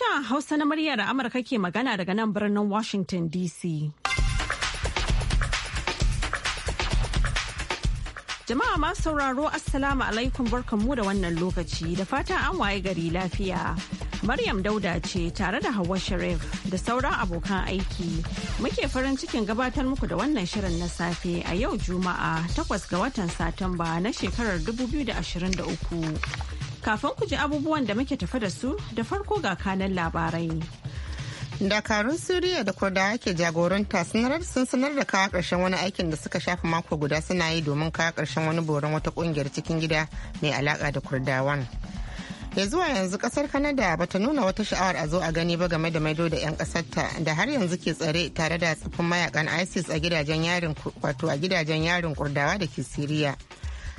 Aisha Hausa na muryar Amurka ke magana daga nan birnin Washington DC. Jama'a ma sauraro Assalamu alaikum barkanmu da wannan lokaci da fatan an waye gari lafiya. Maryam Dauda ce tare da Hauwa Sharif da sauran abokan aiki. Muke farin cikin gabatar muku da wannan shirin na safe a yau Juma'a 8 ga watan Satumba na shekarar 2023. Kafin ku ji abubuwan da muke tafa da su da farko ga kanan labarai. Dakarun Siriya da kurda ke jagoranta sun sanar da kawo karshen wani aikin da suka shafa mako guda suna yi domin kawo karshen wani boron wata ƙungiyar cikin gida mai alaƙa da Kurdawan. ya zuwa yanzu kasar kanada ba ta nuna wata sha'awar a zo a gani ba game da maido da 'yan kasarta da har yanzu ke tsare tare da tsaffin mayakan isis wato a gidajen yarin kurdawa da ke siriya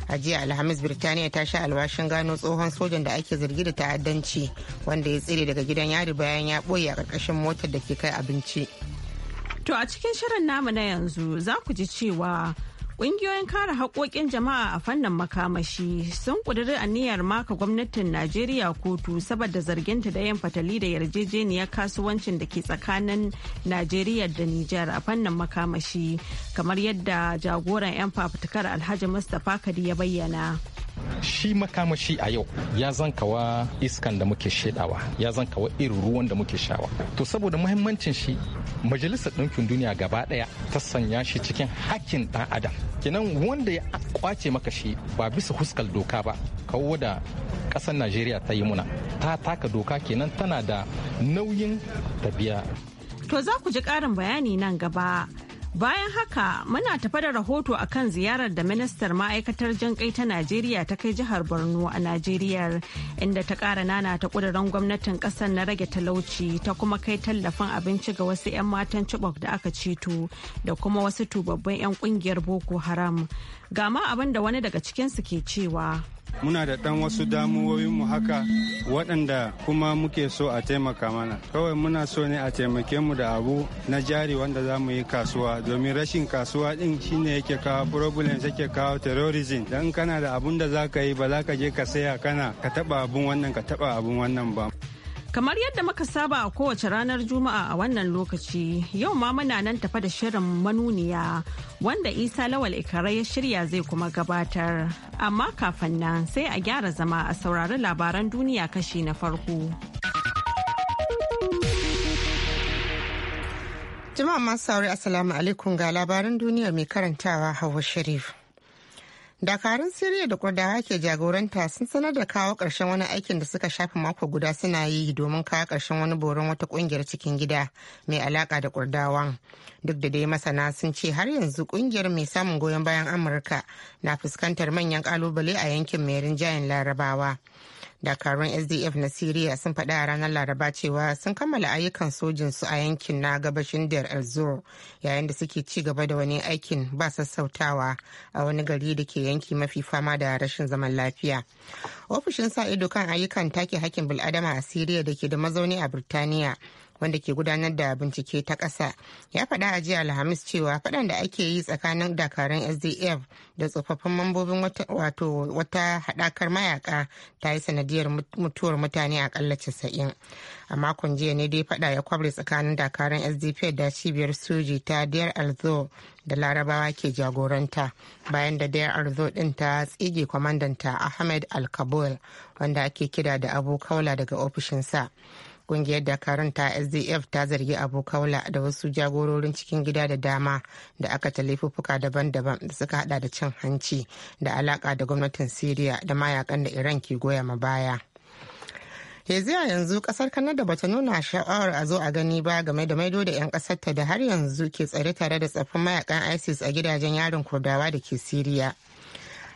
a jiya alhamis birtaniya ta sha alwashin gano tsohon sojan da ake zargi da ta'addanci wanda ya tsire daga gidan yari bayan ya ɓoye a ƙarƙashin motar da ke kai abinci to a cikin shirin namu na yanzu za ku ji cewa Ƙungiyoyin kare haƙoƙin jama'a a fannin makamashi sun ƙudiri aniyar maka gwamnatin Najeriya kotu saboda zarginta da yin fatali da yarjejeniyar kasuwancin da ke tsakanin Najeriya da Nijar a fannin makamashi kamar yadda jagoran 'yan fafutukar Alhaji Mustapha Kadi ya bayyana. shi makamashi a yau ya zankawa iskan da muke shaidawa ya zankawa irin ruwan da muke shawa to saboda muhimmancin shi majalisar ɗinkin duniya gaba ɗaya ta sanya shi cikin hakkin ɗan adam kenan wanda ya kwace maka shi ba bisa huskal doka ba kawo da ƙasar najeriya ta yi muna ta taka doka kenan tana da nauyin tabiya to za ku ji ƙarin bayani nan gaba Bayan haka muna tafa da rahoto a kan ziyarar da ministar ma'aikatar Jan kai ta Najeriya ta kai jihar Borno a Najeriya inda ta ƙara nana ta ƙudurin gwamnatin ƙasar na rage talauci ta kuma kai tallafin abinci ga wasu 'yan matan Chibok da aka ceto da kuma wasu tubabbin 'yan ƙungiyar Boko Haram. gama abin da wani daga cikinsu ke cewa. muna da ɗan wasu mu haka waɗanda kuma muke so a taimaka mana kawai muna so ne a taimake mu da abu na jari wanda za mu yi kasuwa domin rashin kasuwa ɗin shine yake kawo problem yake kawo terrorism dan kana da abun da za ka yi ba za ka je ka saya kana ka taɓa abun wannan ka taɓa abun wannan ba Kamar yadda muka saba a kowace ranar Juma'a a wannan lokaci, yau ma muna nan tafa da shirin manuniya wanda Isa Lawal Ikara ya shirya zai kuma gabatar. Amma kafin nan sai a gyara zama a saurari labaran duniya kashi na farko. Jama'a masu saurari Assalamu alaikum ga labaran duniya mai karantawa Hauwa Sharif. dakarun siriya da kurdawa ke jagoranta sun sanar da kawo karshen wani aikin da suka shafi mako guda suna yi domin kawo karshen wani boron wata kungiyar cikin gida mai alaka da kurdawan duk da dai masana sun ce har yanzu kungiyar mai samun goyon bayan amurka na fuskantar manyan kalubale a yankin mai rinjayen larabawa dakarun sdf na syria sun faɗa a ranar laraba cewa sun kammala ayyukan sojin su a yankin na gabashin der el yayin da suke ci gaba da wani aikin ba sassautawa a wani gari da ke yanki mafi fama da rashin zaman lafiya ofishin sa ido kan ayyukan take hakkin bil'adama a syria da ke da mazauni a birtaniya wanda ke gudanar da bincike ta ƙasa ya faɗa a jiya alhamis cewa faɗan da ake yi tsakanin dakarun sdf da tsofaffin mambobin wato wata haɗakar mayaka ta yi sanadiyar mutuwar mutane a ƙalla casa'in a makon jiya ne dai faɗa ya kwabre tsakanin dakarun sdf da cibiyar soji ta diyar alzo da larabawa ke jagoranta bayan da dayar alzo din ta tsige kwamandanta ahmed al wanda ake kira da abu kaula daga ofishinsa kungiyar dakarun ta sdf ta zargi abu da wasu jagororin cikin gida da dama da aka ta laifuffuka daban-daban da suka hada da cin hanci da alaka da gwamnatin syria da mayakan da iran ke goya ma baya yanzu yanzu kasar kanada bata nuna sha'awar a zo a gani ba game da maido da 'yan kasarta da har yanzu ke tsare tare da tsaffin mayakan isis a gidajen yarin kurdawa da ke siriya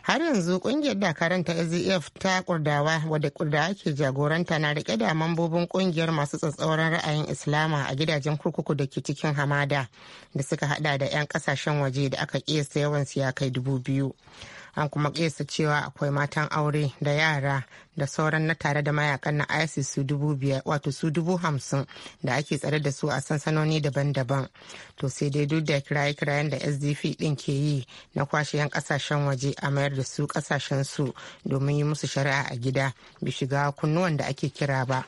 har yanzu kungiyar dakaran ta sdf ta kurdawa wadda kurdawa ke jagoranta na rike da mambobin kungiyar masu tsatsauran ra'ayin islama a gidajen kurkuku da ke cikin hamada da suka hada da 'yan kasashen waje da aka kiyasta yawan siya kai dubu biyu an kuma kesa cewa akwai matan aure da yara da sauran na tare da mayakan na isis su dubu biyar wato su dubu hamsin da ake tsare da su a sansanoni daban-daban to sai dai duk da kiraye-kirayen da sdp din ke yi na kwashe yan kasashen waje a mayar da su kasashen su domin yi musu shari'a a gida bi shiga kunnuwan da ake kira ba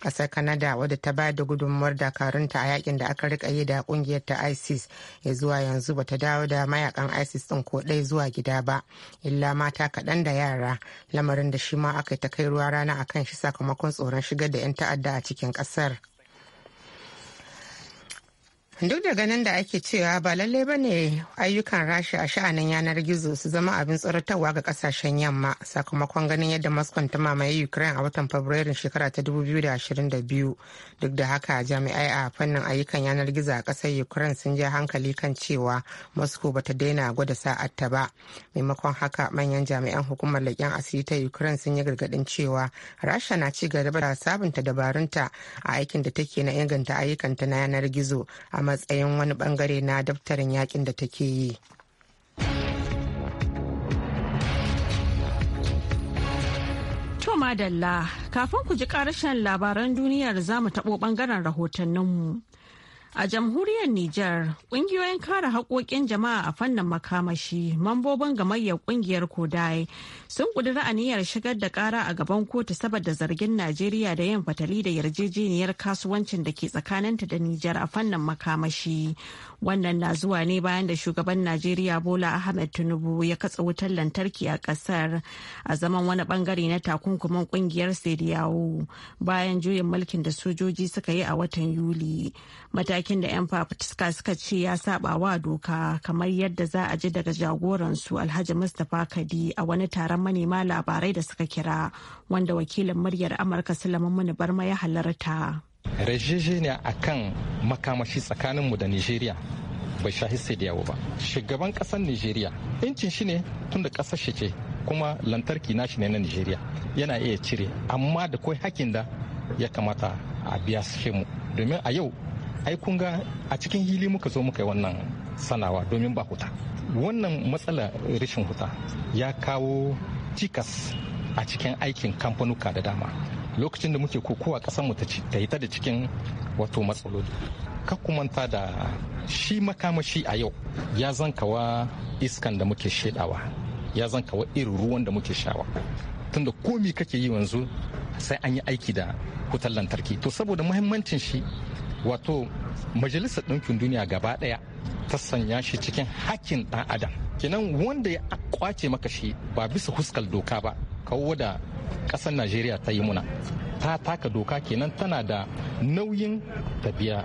kasar kanada wadda ta bayar da gudunmuwar dakarunta a yakin da aka rika yi da kungiyar ta isis ya zuwa yanzu bata dawo da mayakan isis din ko ɗaya zuwa gida ba illa mata kaɗan da yara lamarin da shi ma aka yi ta kai ruwa rana a kan shi sakamakon tsoron shigar da 'yan ta'adda a cikin ƙasar. duk da ganin da ake cewa ba lallai ba ne ayyukan rasha a sha'anin yanar gizo su zama abin tsoratarwa ga kasashen yamma sakamakon ganin yadda moscow ta mamaye ukraine a watan fabrairun shekara ta 2022 duk da haka jami'ai a fannin ayyukan yanar gizo a kasar ukraine sun ja hankali kan cewa moscow bata daina gwada ta ba maimakon haka manyan jami'an hukumar leƙen asiri ta ukraine sun yi gargaɗin cewa rasha na ci gaba da sabunta dabarunta a aikin da take na inganta ayyukanta na yanar gizo a matsayin wani bangare na daftarin yakin da take yi. To madalla kafin ku ji karashen labaran duniyar za mu taɓo ɓangaren rahotanninmu. A jamhuriyar Nijar, ƙungiyoyin kare haƙoƙin jama'a a fannin makamashi, mambobin gamayyar ƙungiyar Kodai sun ƙudiri aniyar shigar da ƙara a gaban kotu saboda zargin Najeriya da yin fatali da yarjejeniyar kasuwancin da ke tsakaninta da Nijar a fannin makamashi, Wannan na zuwa ne bayan da shugaban Najeriya Bola Ahmed Tinubu ya katse wutar lantarki a kasar a zaman wani bangare na takunkuman kungiyar Sediyawo bayan juyin mulkin da sojoji suka yi a watan Yuli. Matakin da 'yan fafutuska suka ce ya saba wa doka kamar yadda za a ji daga jagoransu Alhaji Mustapha Kadi a wani taron manema labarai da suka kira wanda wakilin muryar Amurka Sulaiman Muni Barma ya halarta. rajejeniya a kan makamashi tsakaninmu da nigeria bai shahi sai da yawo ba shugaban kasar nigeria incin shi ne tun da kasar shi ce kuma lantarki nashi ne na nigeria yana iya cire amma da kai hakin da ya kamata a biya shi mu domin a yau ai kun ga a cikin hili muka zo muka yi wannan sanawa domin ba huta wannan matsala rashin huta ya kawo cikas a cikin aikin kamfanuka da dama lokacin da muke kokowa ƙasar mu ta ta da cikin wato matsaloli manta da shi makamashi a yau ya zankawa iskan da muke shaidawa ya zankawa irin ruwan da muke shawa tunda komi kake yi yanzu sai an yi aiki da wutar lantarki to saboda muhimmancin shi wato majalisar ɗinkin duniya gaba ɗaya ta sanya shi cikin hakkin ɗan adam kenan wanda ya kwace maka shi ba bisa huskal doka ba kawo da ƙasar najeriya ta yi muna ta taka doka kenan tana da nauyin tafiya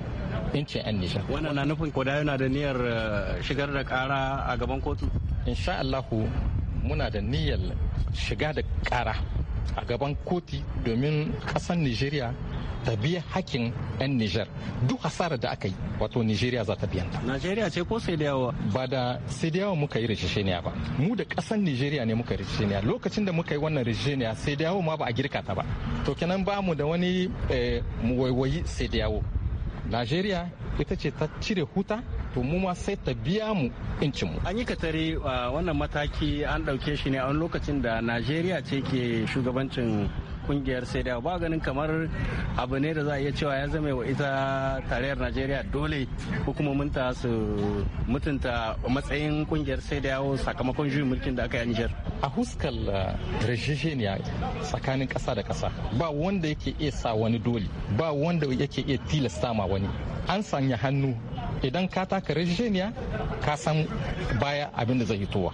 incin 'yan nisha wannan na nufin koda yana da niyyar eh, shigar da kara a gaban kotu insha muna da niyyar shiga da kara a gaban koti domin kasan nigeria ta biya hakkin 'yan niger duk hasarar da aka yi wato nigeria za ta biyanta nigeria ce ko sai da yawa ba da sai da yawa muka yi rishishiniya ba mu da kasan nigeria ne muka rishishiniya lokacin da muka yi wannan rishishiniya sai da yawa ma ba a girka ta ba to kenan ba mu da wani eh, waiwayi sai da yawa nigeria ita ce ta cire huta to mu ma sai ta biya mu incin mu an yi katare uh, wannan mataki an ɗauke shi ne a wani lokacin da najeriya ce ke shugabancin kungiyar sai da ba ganin kamar abu ne da za a iya cewa ya zama wa ita tarayyar najeriya dole ta su mutunta matsayin kungiyar sai da yawo sakamakon juyin mulkin da aka yi nijar a huskar uh, rashishiniya tsakanin kasa da kasa ba wanda yake iya sa wani dole ba wanda yake iya tilasta ma wani an sanya hannu idan ka taka rajeniya ka san baya abin da zai hitowa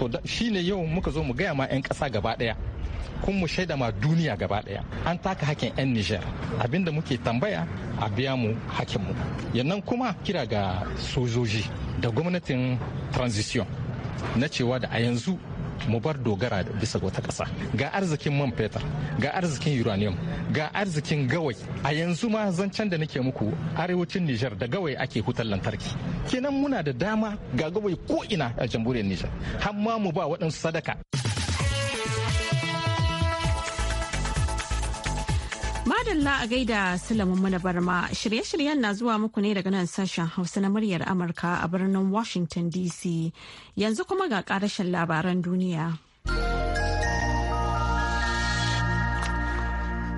to shi ne yau muka zo mu gaya ma 'yan ƙasa gaba ɗaya kun mu shaida ma duniya gaba ɗaya an taka hakin 'yan abin da muke tambaya a biya mu hakinmu yannan kuma kira ga sojoji da gwamnatin transition na cewa da a yanzu mu bar dogara bisa wata ƙasa ga arzikin man fetur ga arzikin uranium ga arzikin gawai a yanzu ma zancen da nake muku arewacin nijar da gawai ake hutar lantarki kenan muna da dama ga gawai ko ina a jamhuriyar nijar har ma mu ba waɗansu sadaka madalla a gaida Sulaiman Muna Barma shirye-shiryen na zuwa muku ne daga nan sashen Hausa na muryar Amurka a birnin Washington DC yanzu kuma ga karashen labaran duniya.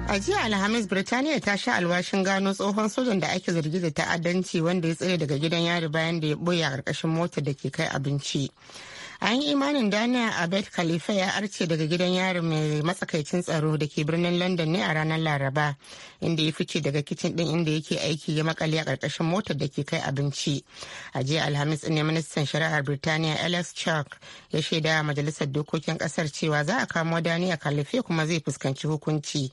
A jiya Alhamis Birtaniya ta sha alwashin gano tsohon sojan da ake zargi da ta'addanci wanda ya tsere daga gidan yari bayan da ya boye a ƙarƙashin motar da ke kai abinci. an yi imanin dana abed khalifa ya arce daga gidan yari mai matsakaicin tsaro da ke birnin london ne a ranar laraba inda ya fice daga kicin din inda yake aiki ya makale a karkashin motar da ke kai abinci a jiya alhamis ne ministan shari'ar birtaniya alex chuck ya shaida majalisar dokokin kasar cewa za a kamo a khalifa kuma zai fuskanci hukunci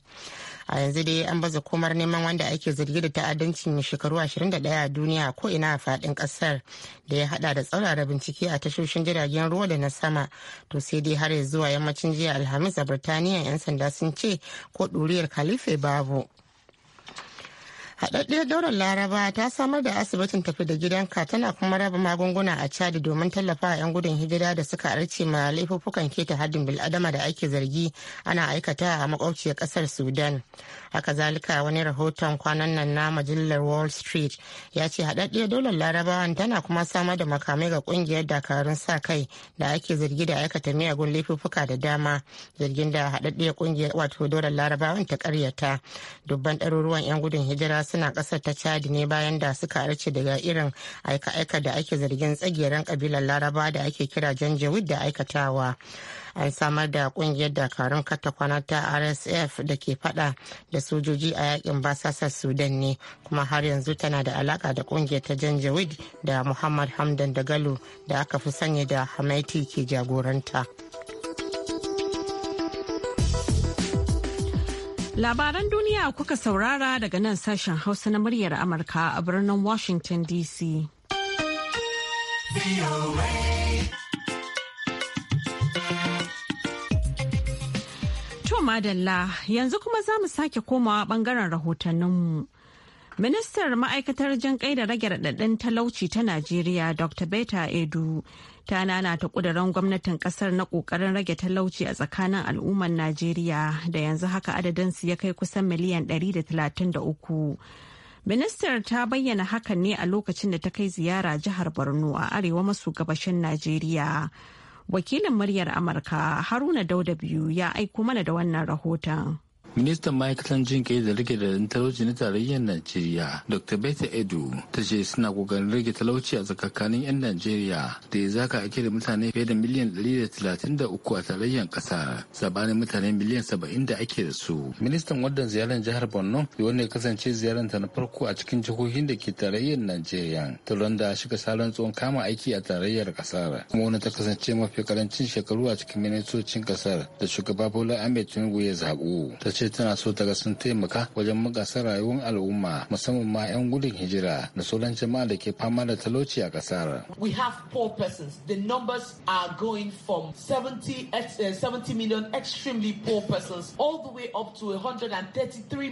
a yanzu dai an baza komar neman wanda ake zargi da ta'addancin shekaru 21 a duniya ko ina a fadin kasar da ya hada da tsaurara bincike a tashoshin jiragen ruwa da na sama to sai dai har zuwa yammacin jiya alhamis a birtaniya 'yan sanda sun ce ko ɗuriyar khalife babu haɗaɗɗiyar daular laraba ta samar da asibitin tafi da gidanka tana kuma raba magunguna a chad domin tallafa a 'yan gudun hijira da suka arce ma laifuffukan keta haddin bil'adama da ake zargi ana aikata a makwabciyar ƙasar sudan haka zalika wani rahoton kwanan nan na majalar wall street ya ce haɗaɗɗiyar dolar larabawan tana kuma samar da makamai ga ƙungiyar dakarun sa kai da ake zargi da aikata miyagun laifuffuka da dama zargin da haɗaɗɗiyar ƙungiyar wato dolar larabawan ta karyata dubban ɗaruruwan 'yan gudun hijira suna ƙasar ta chadi ne bayan da suka arce daga irin aika-aika da ake zargin tsagiran ƙabilar laraba da ake kira janjawid da aikatawa an samar da ƙungiyar dakarun katakwana ta rsf da ke fada da sojoji a yakin basasar sudan ne kuma har yanzu tana da alaka da kungiyar ta janjawid da muhammad hamdan da galo da aka fi sanya da hamaiti ke jagoranta labaran duniya kuka saurara daga nan sashen hausa na muryar amurka a birnin washington dc madalla yanzu kuma za mu sake komawa bangaren rahotanninmu. Ministar ma'aikatar jan kai da rage raɗaɗin talauci ta Najeriya Dr. Beta Edu ta nanata ƙuduran gwamnatin ƙasar na ƙoƙarin rage talauci a tsakanin al'ummar Najeriya da yanzu haka adadinsu ya kai kusan miliyan 133. Ministar ta bayyana hakan ne a lokacin da ta kai ziyara jihar Borno a arewa maso gabashin Najeriya. wakilin muryar amurka haruna dauda biyu ya aiko mana da wannan rahoton ministan ma'aikatan jin kai da rike da talauci na tarayyar najeriya dr beta edu ta ce suna kokarin rage talauci a tsakakanin 'yan najeriya da ya zaka ake da mutane fiye da miliyan 133 a tarayyar kasa sabanin mutane miliyan 70 da ake da su ministan wadda ziyarar jihar borno ya wanda ya kasance ziyarar ta na farko a cikin jihohin da ke tarayyar najeriya ta da shiga salon tsohon kama aiki a tarayyar kasar kuma wani ta kasance mafi karancin shekaru a cikin ministocin kasar da shugaba bola ahmed tinubu ya zaɓu ta ce tana so ta ga sun taimaka wajen magasa rayuwar al'umma musamman ma 'yan gudun hijira da sauran jama'a da ke fama da talauci a kasar. We have poor persons. The numbers are going from 70, 70 eh, eh, million extremely poor persons all the way up to 133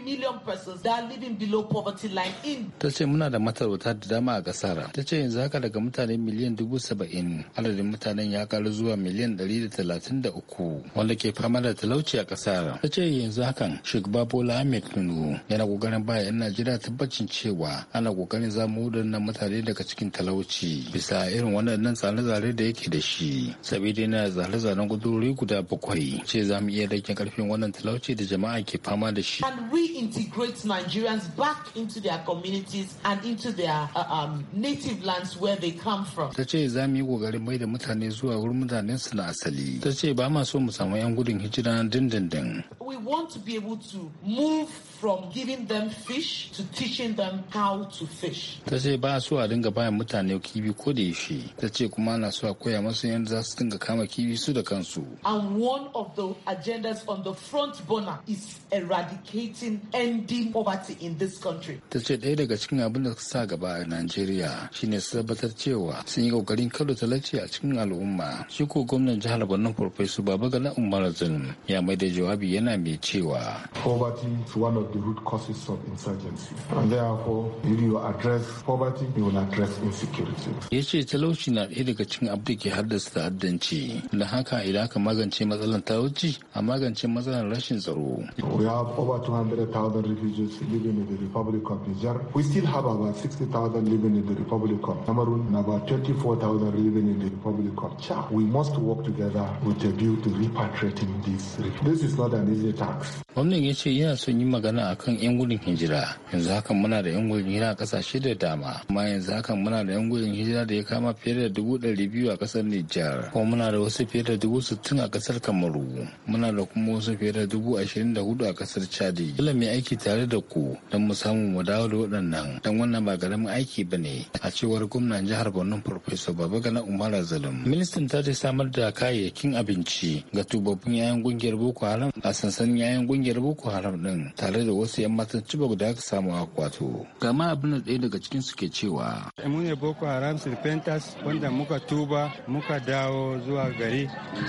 million persons that are living below poverty line in. Ta ce muna da matarauta da dama a kasar. Ta ce yanzu haka daga mutane miliyan dubu saba'in adadin mutanen ya karu zuwa miliyan dari da talatin da uku wanda ke fama da talauci a kasar. Ta ce yanzu haka hakan shugaba bola ahmed tinubu yana kokarin baya yan najeriya tabbacin cewa ana kokarin zamo da mutane daga cikin talauci bisa irin waɗannan tsare-tsare da yake da shi sabida yana tsare-tsaren gudurori guda bakwai ce za mu iya rage karfin wannan talauci da jama'a ke fama da shi and we integrate nigerians back into their communities and into their uh, um, native lands where they come from ta ce za mu yi kokarin mai da mutane zuwa wurin mutanensu na asali ta ce ba ma so mu samu 'yan gudun hijira dindindin we want to be be able to move from giving them fish to teaching them how to fish. Ta ce ba su a dinga bayan mutane kibi ko da yaushe. Ta ce kuma na su a koya masu yadda za su dinga kama kibi su da kansu. And one of the agendas on the front burner is eradicating ending poverty in this country. Ta ce ɗaya daga cikin abin da sa gaba a Najeriya shine su tabbatar cewa sun yi kokarin kada talauci a cikin al'umma. Shi ko gwamnan jihar Borno Farfesu Babagana Umar Zulm ya mai da jawabi yana mai cewa. Poverty is one of out the root causes of insurgency. And therefore, if you address poverty, you will address insecurity. Ya ce talauci na ɗaya daga cikin abu da ke haddasa ta'addanci. Da haka idan aka magance matsalar talauci, a magance matsalar rashin tsaro. We have over 200,000 refugees living in the Republic of Niger. We still have about 60,000 living in the Republic of Cameroon and about 24,000 living in the Republic of Chad. We must work together with a view to repatriating these refugees. This is not an easy task. Gwamnan ya ce yana son yi magana magana kan yan gudun hijira yanzu hakan muna da yan gudun hijira a kasashe da dama amma yanzu hakan muna da yan gudun hijira da ya kama fiye da dubu ɗari biyu a kasar Nijar kuma muna da wasu fiye da dubu sittin a kasar Kamaru muna da kuma wasu fiye da dubu ashirin da hudu a kasar Chadi dole mu aiki tare da ku don mu samu mu dawo da waɗannan dan wannan ba garamin aiki ba ne a cewar gwamnan jihar Borno baba Babagana Umar Azalum ministan ta ce samar da kayayyakin abinci ga tubabbin 'ya'yan kungiyar Boko Haram a sansanin 'ya'yan kungiyar Boko Haram din tare da da wasu 'yan matan Chibok da aka samu a kwato. Gama abin da daga cikin suke cewa. Mu ne Boko Haram Serpentas wanda muka tuba muka dawo zuwa gari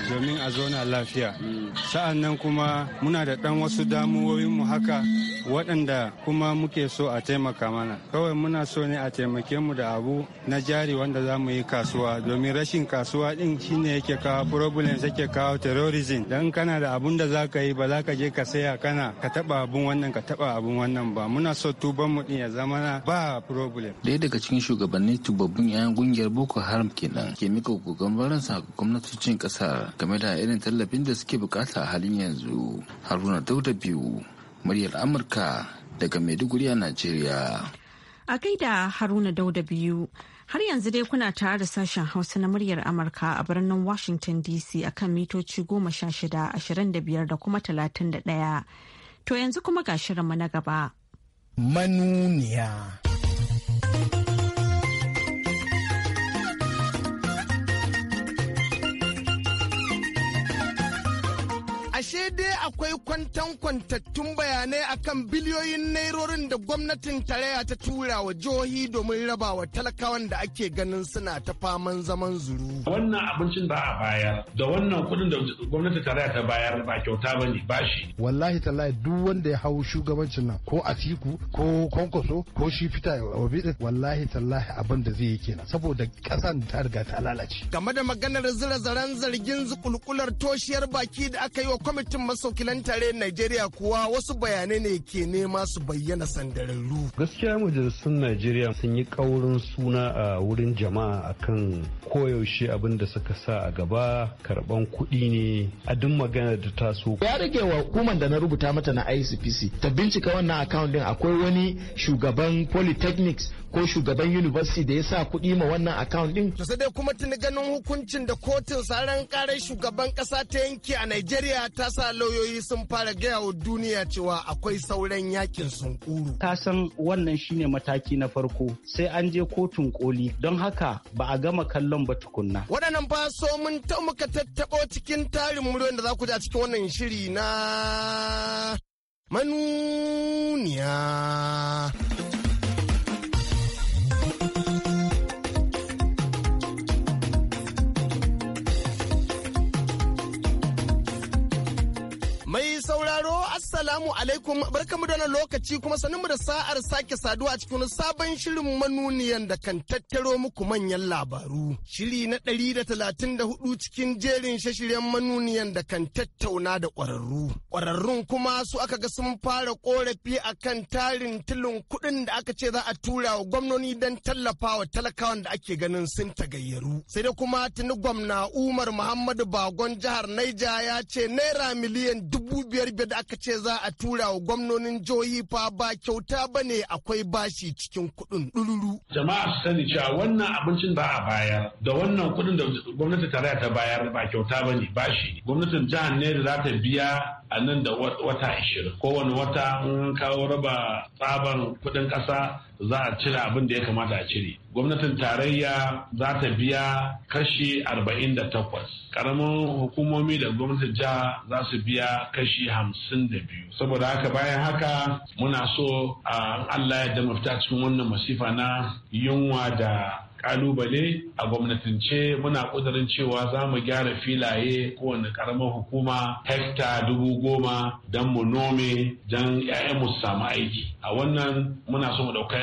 domin a zauna lafiya. Sa'an nan kuma muna da ɗan wasu damuwoyin mu haka waɗanda kuma muke so a taimaka mana. Kawai muna so ne a taimake mu da abu na jari wanda za mu yi kasuwa domin rashin kasuwa ɗin shine yake kawo problems yake kawo terrorism. Dan kana da abun da za ka yi ba za ka je ka saya kana ka taɓa abun wannan ka taba abun wannan ba muna so tuban mu din ya zama ba problem daya daga cikin shugabannin tubabbun yayan kungiyar boko haram kenan ke miƙa gogon baransa ga gwamnatocin ƙasar. game da irin tallafin da suke bukata a halin yanzu haruna dauda biyu muryar amurka daga maiduguri a nigeria. a gaida haruna dauda biyu Har yanzu dai kuna tare da sashen Hausa na muryar Amurka a birnin Washington DC akan mitoci goma sha shida, ashirin da biyar da kuma talatin da ɗaya. To yanzu kuma ga shirinmu na gaba. Manuniya. ashe dai akwai kwantan kwantattun bayanai akan biliyoyin nairorin da gwamnatin tarayya ta tura wa jihohi domin raba wa talakawan da ake ganin suna ta faman zaman zuru. Wannan abincin da a bayar da wannan kuɗin da gwamnati tarayya ta bayar ba kyauta ba ne ba shi. Wallahi tallahi duk wanda ya hau shugabancin nan ko Atiku ko Kwankwaso ko shi fita Obi wallahi tallahi abin da zai yi kenan saboda ƙasan ta riga ta lalace. Game da maganar zira zaren zargin zukulkular toshiyar baki da aka yi wa kwamitin masaukilan tare Najeriya kuwa wasu bayanai ne ke nema su bayyana sandararru. Gaskiya majalisun Najeriya sun yi kaurin suna a wurin jama'a akan koyaushe abin da suka sa a gaba karban kuɗi ne a duk magana da taso. Ya rage wa hukumar da na rubuta mata na ICPC ta bincika wannan account din akwai wani shugaban polytechnics ko shugaban university da ya sa kuɗi ma wannan account din. To dai kuma tuni ganin hukuncin da kotun tsaron karar shugaban ƙasa ta yanki a Najeriya ta ta sa lauyoyi sun fara gaya wa duniya cewa akwai sauran yakin sunkuru. Ka san wannan shine mataki na farko sai an je kotun koli don haka ba a gama kallon ba tukunna. Waɗannan faso so mun ta muka tattaɓo cikin tarin muryoyin da za ku ji a cikin wannan shiri na manuniya. alaikum mu da lokaci kuma sanin mu da sa'ar sake saduwa a cikin sabon shirin manuniyan da kan tattaro muku manyan labaru. Shiri na ɗari da talatin da hudu cikin jerin shashiryan manuniyan da kan tattauna da ƙwararru. Ƙwararrun kuma su aka ga sun fara ƙorafi a kan tarin tilin kuɗin da aka ce za a tura wa gwamnoni don tallafawa talakawan da ake ganin sun tagayyaru. Sai da kuma tuni gwamna Umar Muhammadu Bagon jihar Naija ya ce naira miliyan dubu biyar da aka ce za a tura wa gwamnonin jihohi fa ba kyauta ba ne akwai bashi cikin kudin ɗururu. Jama'a su sani cewa wannan abincin ba a bayar da wannan kudin da gwamnati tarayya ta bayar ba kyauta ba ne bashi. Gwamnatin jihar ne da za ta biya a nan da wata ashirin kowane wata in kawo raba tsaban kudin ƙasa za a cire abin da ya kamata a cire gwamnatin tarayya za ta biya kashi 48 karamin hukumomi da gwamnatin jiha za su biya kashi 52 saboda haka bayan haka muna so a allah ya da mafita cikin wannan masifa na yunwa da kalubale a gwamnatance muna kudurin cewa za mu gyara filaye kowane karamar hukuma hekta dubu goma don mu nome don ya'yan mu samu aiki a wannan muna so mu ɗauka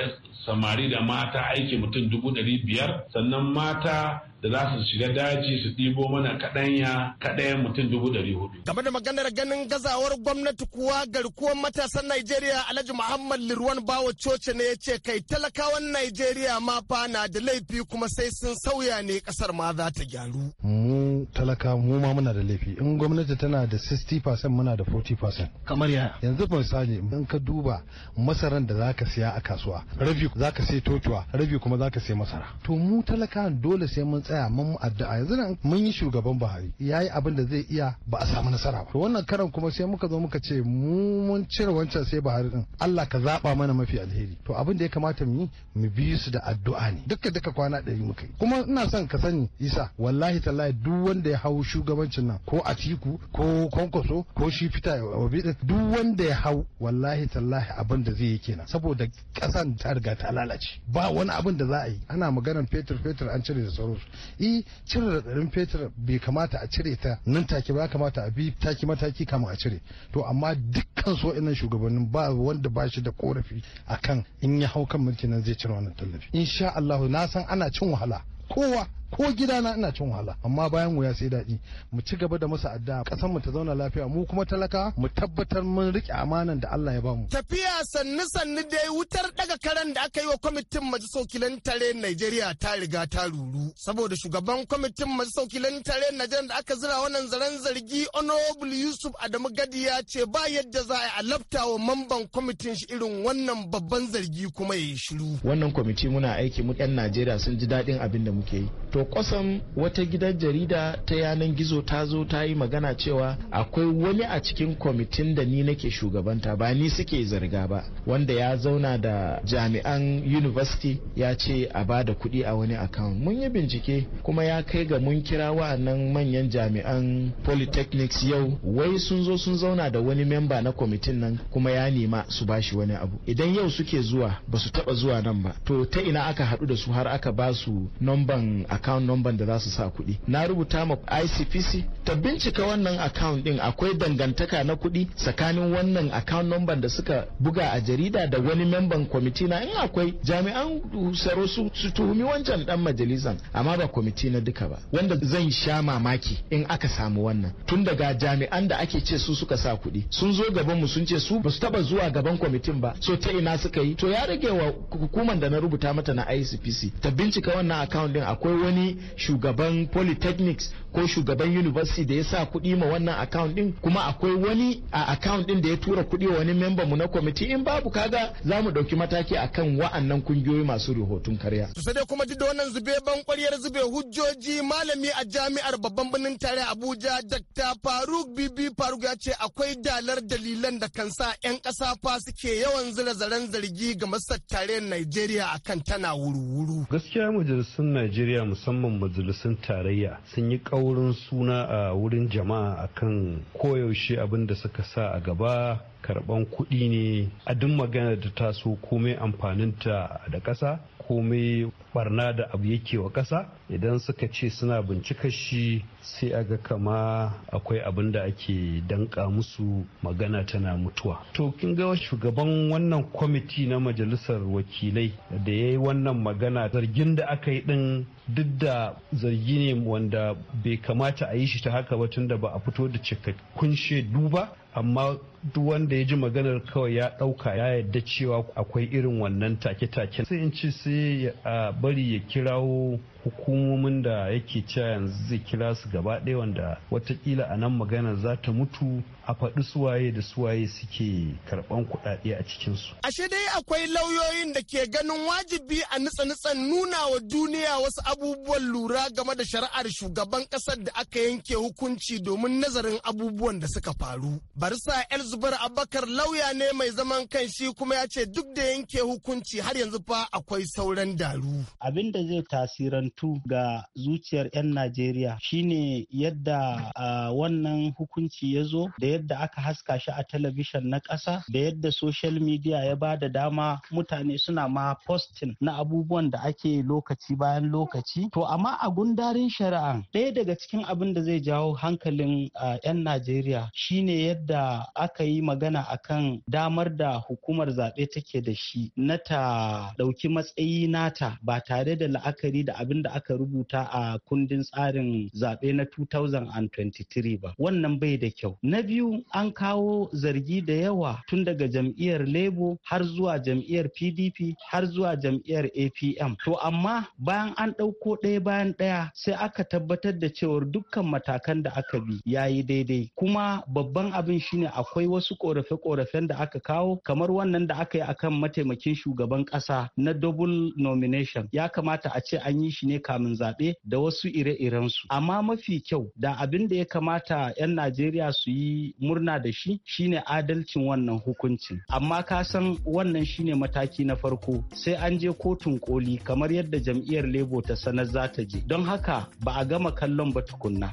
samari da mata aiki mutum dubu ɗari biyar sannan mata da za su shiga daji su ɗibo mana kaɗanya kaɗayan mutum dubu ɗari hudu. Game da maganar ganin gazawar gwamnati kuwa garkuwar matasan Najeriya Alhaji Muhammad Lirwan Bawo Coci ne ya ce kai talakawan Najeriya ma fa na da laifi kuma sai sun sauya ne ƙasar ma za ta gyaru. Mu talaka mu ma muna da laifi in gwamnati tana da 60% muna da 40% kamar ya yanzu misali in ka duba masaran da zaka siya a kasuwa rabi zaka sai totuwa rabi kuma zaka sai masara to mu talaka dole sai mun tsaya mun addu'a yanzu nan mun yi shugaban Buhari yayi abin da zai iya ba a samu nasara ba To wannan karan kuma sai muka zo muka ce mu mun cire wancan sai Buhari din Allah ka zaba mana mafi alheri to abin da ya kamata mu yi mu bi su da addu'a ne duka duka kwana ɗari muka yi kuma ina son ka sani Isa wallahi tallahi duk wanda ya hau shugabancin nan ko atiku ko kwankwaso ko shi fita obi duk wanda ya hau wallahi tallahi abin da zai yi kenan saboda kasan ta riga ta lalace ba wani abin da za a yi ana maganar fetur fetur an cire da sauransu e, cire da fetur bai kamata a cire ta nan take ba kamata a bi taki mataki kama a cire to amma dukkan so inan shugabannin ba wanda ba shi da korafi akan in ya hau kan mulki nan zai cire wannan tallafi insha Allah na san ana cin wahala kowa ko gidana ina cin wahala amma bayan wuya sai daɗi mu ci gaba da masa addu'a ƙasar mu ta zauna lafiya mu kuma talaka mu tabbatar mun rike amanan da Allah ya bamu tafiya sannu sannu dai wutar daga karen da aka yi wa kwamitin majalisokilan tare Najeriya ta riga ta ruru saboda shugaban kwamitin majalisokilan tare Najeriya da aka zira wannan zaren zargi honorable Yusuf Adamu Gadi ya ce ba yadda za a alafta wa mamban kwamitin shi irin wannan babban zargi kuma ya shiru wannan kwamiti muna aiki mu 'yan Najeriya sun ji daɗin abin da muke yi to kwasan wata gidan jarida ta yanan gizo ta zo ta yi magana cewa akwai wani a cikin kwamitin da ni nake shugabanta ba ni suke zarga ba wanda ya zauna da jami'an university ya ce a ba da kuɗi a wani account mun yi bincike kuma ya kai ga mun kira nan manyan jami'an polytechnics yau wai sun zo sun zauna da wani memba na kwamitin nan kuma ya nema su bashi wani abu idan yau suke zuwa ba su taɓa zuwa nan ba to ta ina aka haɗu da su har aka ba su nomban account account number da za su sa kuɗi na rubuta ma ICPC ta bincika wannan account din akwai dangantaka na kuɗi tsakanin wannan account number da suka buga a jarida da wani member kwamiti na in akwai jami'an saro su tuhumi wancan dan majalisan amma ba kwamiti na duka ba wanda zan sha mamaki in aka samu wannan tun daga jami'an da ake ce su suka sa kuɗi sun zo gaban mu sun ce su ba su taba zuwa gaban kwamitin ba so ta ina suka yi to ya rage wa hukumar da na rubuta mata na ICPC ta bincika wannan account din akwai wani wani shugaban polytechnics ko shugaban university da ya sa kuɗi ma wannan account din kuma akwai wani a account din da ya tura kuɗi wa wani member mu na committee in babu kaga za mu ɗauki mataki a kan wa'annan kungiyoyi masu rahoton karya. to sai dai kuma duk da wannan zube ban ƙwaryar zube hujjoji malami a jami'ar babban birnin tare abuja dr faruk bibi faruk ya ce akwai dalar dalilan da kan sa 'yan kasa fa suke yawan zarazaren zaren zargi ga masar tare Najeriya akan tana wuru-wuru. Gaskiya majalisun Najeriya musamman musamman majalisun tarayya sun yi ƙaurin suna a wurin jama'a akan koyaushe abin da suka sa a gaba karban kuɗi ne a duk magana da taso komai amfaninta da ƙasa komai barna da abu yake wa ƙasa idan suka ce suna bincika shi sai a ga kama akwai abin da ake danka musu magana tana mutuwa to kin ga shugaban wannan kwamiti na majalisar wakilai da ya yi wannan magana zargin da aka yi din duk da zargi ne wanda bai kamata a yi shi ta haka ba tunda ba a fito da cikakkun shaidu ba amma duk wanda ya ji maganar kawai ya ɗauka ya yadda cewa akwai irin wannan take-take sai in ci sai a bari ya kirawo hukumomin da yake cewa yanzu zai kira su gaba ɗaya wanda watakila a nan maganar za ta mutu a faɗi suwaye da suwaye suke karɓan kuɗaɗe a cikinsu. Ashe dai akwai lauyoyin da ke ganin wajibi a nutsa nuna wa duniya wasu abubuwan lura game da shari'ar shugaban ƙasar da aka yanke hukunci domin nazarin abubuwan da suka faru. Barisa zubar abakar lauya ne mai zaman kanshi kuma ya ce duk da yanke hukunci har yanzu fa akwai sauran daru abin da zai tasirantu ga zuciyar 'yan najeriya shine yadda wannan hukunci ya zo da yadda aka haska shi a talabishin na ƙasa da yadda social media ya ba da dama mutane suna ma posting na abubuwan da ake lokaci bayan lokaci to amma a gundarin shari'a ɗaya daga cikin abin da zai jawo hankalin 'yan najeriya shine yadda aka aka yi magana akan damar da hukumar zaɓe take da shi na ta ɗauki matsayi nata ba tare da la'akari da abin da aka rubuta a kundin tsarin zaɓe na 2023 ba wannan bai da kyau na biyu an kawo zargi da yawa tun daga jam'iyyar lebo har zuwa jam'iyyar pdp har zuwa jam'iyyar apm to amma bayan an ɗauko ɗaya bayan ɗaya sai aka tabbatar da cewar dukkan matakan da aka bi ya yi daidai kuma babban abin shine akwai wasu korafe-korafen da aka kawo kamar wannan da aka yi akan mataimakin shugaban kasa na double nomination ya kamata a ce an yi shi ne kamin zaɓe da wasu ire-irensu amma mafi kyau da abin da ya kamata 'yan najeriya su yi murna da shi shine adalcin wannan hukuncin amma ka san wannan shine mataki na farko sai an je kotun koli kamar yadda jam'iyyar labour ta sanar za ta je don haka ba a gama kallon ba tukunna.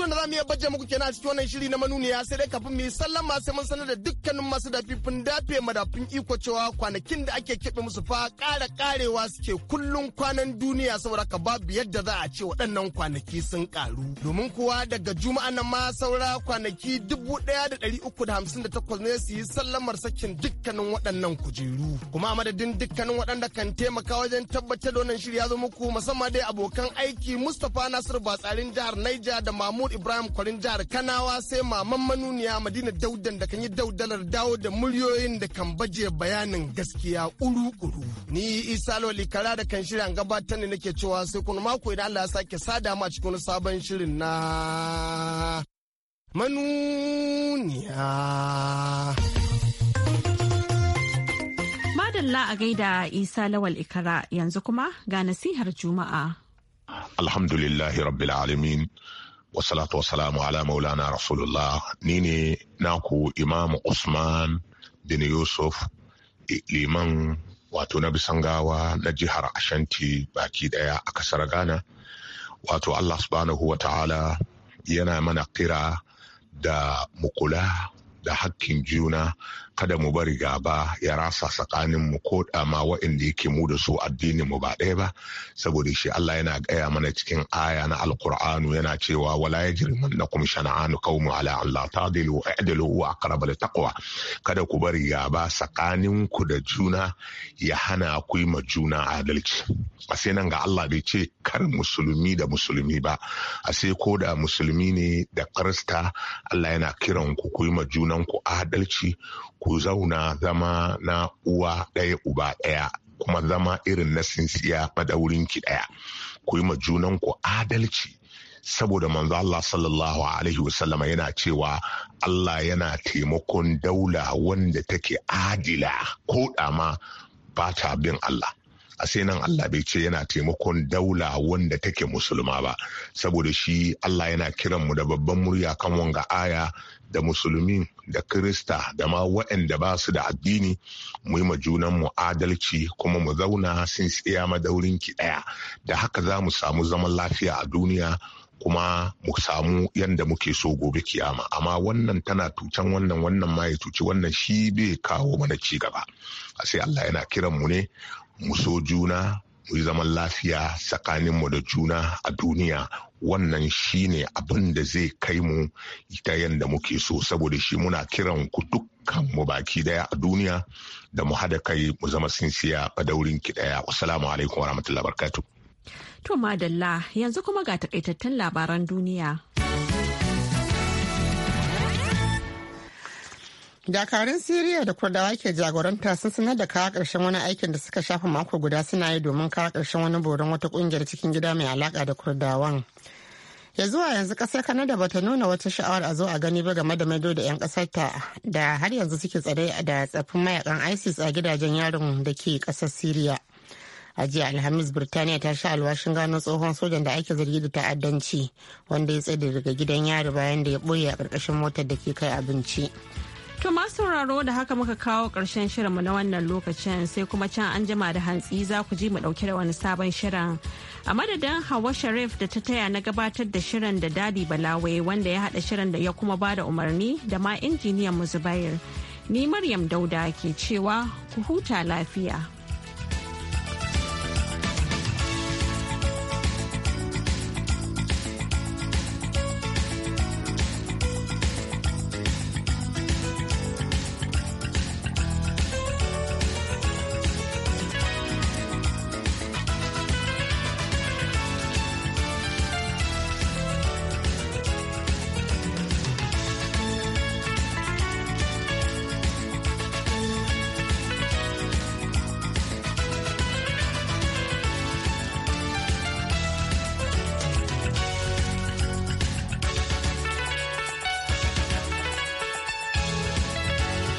batutuwan da za mu iya baje muku kenan a cikin wannan shiri na manuniya sai dai kafin mu yi sallama sai mun sanar da dukkanin masu dafifin dafe madafin iko cewa kwanakin da ake keɓe musu fa ƙara ƙarewa suke kullum kwanan duniya saboda ka babu yadda za a ce waɗannan kwanaki sun karu. Domin kuwa daga juma'a nan ma saura kwanaki dubu ɗaya da ɗari uku da hamsin da takwas ne su yi sallamar sakin dukkanin waɗannan kujeru. Kuma a madadin dukkanin waɗanda kan taimaka wajen tabbatar da wannan shiri ya zo muku musamman dai abokan aiki Mustapha Nasiru Batsarin jihar Niger da Mahmud ibrahim kwarin jihar kanawa sai maman manuniya madina daudan da kan yi daudalar dawo da muryoyin da kan baje bayanin gaskiya uru-uru ni isa loli kara da kan shirin gabatar ne nake cewa sai kun mako idan allah ya sake sada ma cikin sabon shirin na manuniya madalla a gaida isa lawal ikara yanzu kuma ga nasihar juma'a alhamdulillahi rabbil alamin wasalatu wasalamu ala maulana rasulullah ni ne naku imamu usman bin yusuf liman wato na bisangawa na jihar ashanti baki daya a kasar ghana wato allah subhanahu wa ta'ala yana mana kira da mukula da hakkin juna kada mu bari gaba ya rasa tsakanin mu ko dama waɗanda yake mu da su addinin mu ba ɗaya ba saboda shi Allah yana gaya mana cikin aya na alkur'anu yana cewa wala yajrimannakum shana'anu mu ala Allah ta'dilu i'dilu wa aqrabu taqwa kada ku bari gaba tsakanin ku da juna ya hana ku yi ma juna adalci a sai nan ga Allah bai ce kar musulmi da musulmi ba a sai ko da musulmi ne da krista Allah yana kiran ku ku yi ma junan ku adalci ku ku zauna zama na uwa ɗaya uba ɗaya kuma zama irin na sinsiya madaurin ki ɗaya ku yi ma junanku adalci saboda manzo Allah sallallahu alaihi wasallama yana cewa Allah yana taimakon daula wanda take adila ko dama ba ta bin Allah a sai nan Allah bai ce yana taimakon daula wanda take musulma ba saboda shi Allah yana kiran mu da babban murya kan wanga aya da musulmi da kirista da ma waɗanda ba su da addini mu yi junan mu adalci kuma mu zauna sun tsaya madaurin ki ɗaya da haka za mu samu zaman lafiya a duniya kuma mu samu yadda muke so gobe kiyama amma wannan tana tucan wannan wannan ma ya tuci wannan shi bai kawo mana ci gaba sai Allah yana kiran mu ne mu so juna mu yi zaman lafiya tsakanin mu da juna a duniya wannan shine abin da zai kai mu ita yadda muke so saboda shi muna kiran ku dukkan mu baki daya a duniya da mu hada kai mu zama sinsiya daurin ki daya assalamu alaikum warahmatullahi wabarakatuh to madalla yanzu kuma ga takaitattun labaran duniya dakarun siriya da kurdawa ke jagoranta sun sanar da kawo karshen wani aikin da suka shafa mako guda suna yi domin kawo karshen wani boron wata kungiyar cikin gida mai alaka da kurdawan ya zuwa yanzu kasar kanada bata nuna wata sha'awar a zo a gani ba game da maido da 'yan kasar ta da har yanzu suke tsare da tsaffin mayakan isis a gidajen yaron da ke kasar siriya a jiya alhamis birtaniya ta sha alwashin gano tsohon sojan da ake zargi da ta'addanci wanda ya tsaye daga gidan yari bayan da ya boye a ƙarƙashin motar da ke kai abinci To masu sauraro da haka muka kawo ƙarshen shirinmu na wannan lokacin sai kuma can an jima da hantsi za ku ji mu ɗauke da wani sabon shirin. A madadin Hawa Sharif da ta taya na gabatar da shirin da Dadi Balawai wanda ya haɗa shirin da ya kuma ba da umarni da ma injiniyan mu Zubair. Ni Maryam Dauda ke cewa ku huta lafiya.